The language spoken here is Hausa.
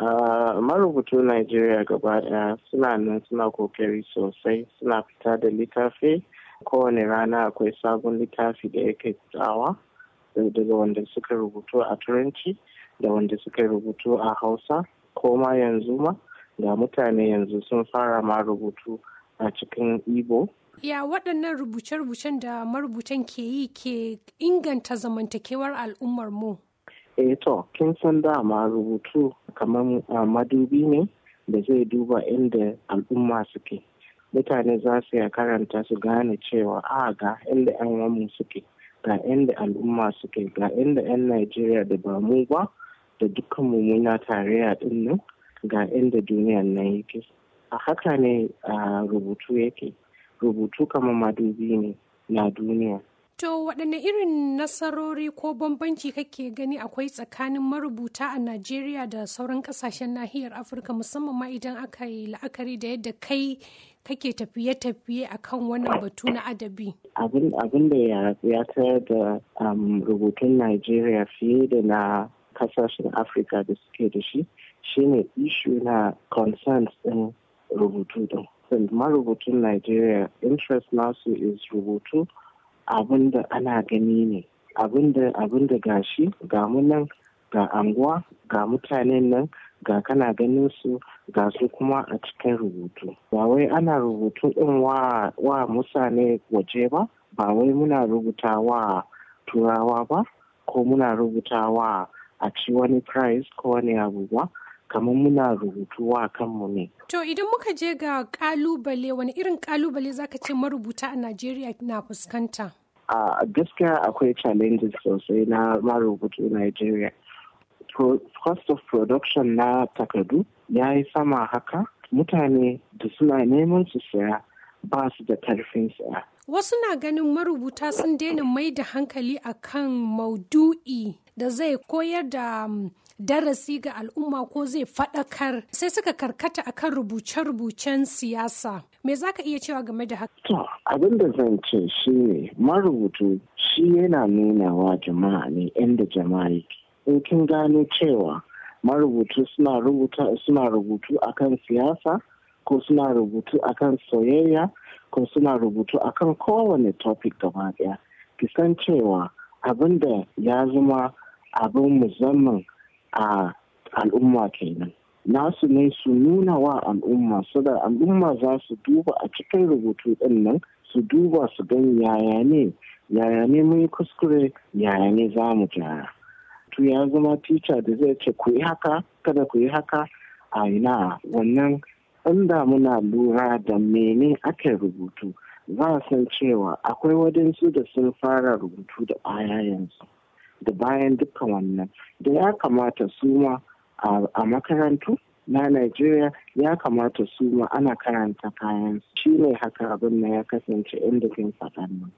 Ah, marubutu Najeriya gaba ɗaya suna nan suna kokari sosai suna fita da littafi kowane rana akwai sabon littafi da yake fitawa daga wanda suka rubutu a turanci da wanda suka rubutu a hausa ko ma yanzu ma da mutane yanzu sun fara ma rubutu a cikin igbo ya waɗannan rubuce-rubucen da marubutan ke yi ke inganta zamantakewar al'ummar mu Eto eh kin san dama rubutu kamar ah, madubi ne da zai duba inda al'umma suke mutane za su ya karanta su gane cewa a ah, ga inda 'yan suke ga inda al'umma suke ga inda 'yan najeriya da ba mu ba da dukkan mummuna tarayya din nan ga inda duniyan nan yake a haka ne ah, rubutu yake rubutu kamar madubi ne na duniya To waɗanne irin nasarori ko bambanci kake gani akwai tsakanin marubuta a Najeriya da sauran ƙasashen nahiyar Afirka musamman ma idan aka yi la'akari da yadda kai kake tafiye-tafiye a kan wannan batu na adabi? Abin da ya tayar da um, rubutun Najeriya fiye da na ƙasashen Afirka da suke da shi shine ishu na concerns ɗin rubutu din Marubutun Najeriya interest nasu is rubutu. abin da ana gani ne abin da gashi ga ga anguwa ga mutanen nan ga kana ganin su ga su kuma a cikin rubutu ba wai ana rubutu din wa mutane waje ba ba wai muna rubuta wa turawa ba ko muna rubuta wa a ci wani price ko wani abu kamar muna rubutu wa kanmu ne. To idan muka je ga kalubale wani irin kalubale zaka ce marubuta a Najeriya na fuskanta? A gaskiya akwai challenges sosai na marubutu Najeriya. Cost of production na takardu ya yi sama haka mutane da suna neman su saya ba su da karfin saya. Wasu na ganin marubuta sun daina mai da hankali akan maudu'i da zai koyar da mm, darasi ga al'umma ko zai faɗakar sai suka karkata akan rubuce-rubucen siyasa me za ka iya cewa game da haka to abin da zan ce shi ne marubutu shi yana nunawa jama'a ne inda jama'a yake in kin gano cewa marubutu suna rubuta suna rubutu akan siyasa ko suna rubutu akan soyayya ko suna rubutu akan kowane topic gaba daya ki san cewa abin da ya zama abin musamman a al'umma kenan nasu ne su nuna wa al'umma su da al'umma za su duba a cikin rubutu ɗin nan su duba su gani yaya ne yaya ne mun kuskure yaya ne za mu gyara tu ya zama tica da zai ce ku yi haka kada ku yi haka a ina wannan inda muna lura da mene ake rubutu za a san cewa akwai wadansu da sun fara rubutu da baya yanzu da bayan dukkan wannan da ya kamata su ma a makarantu na Najeriya ya kamata su ma ana karanta kayan shi ne haka abin da ya kasance inda kin faɗa nan.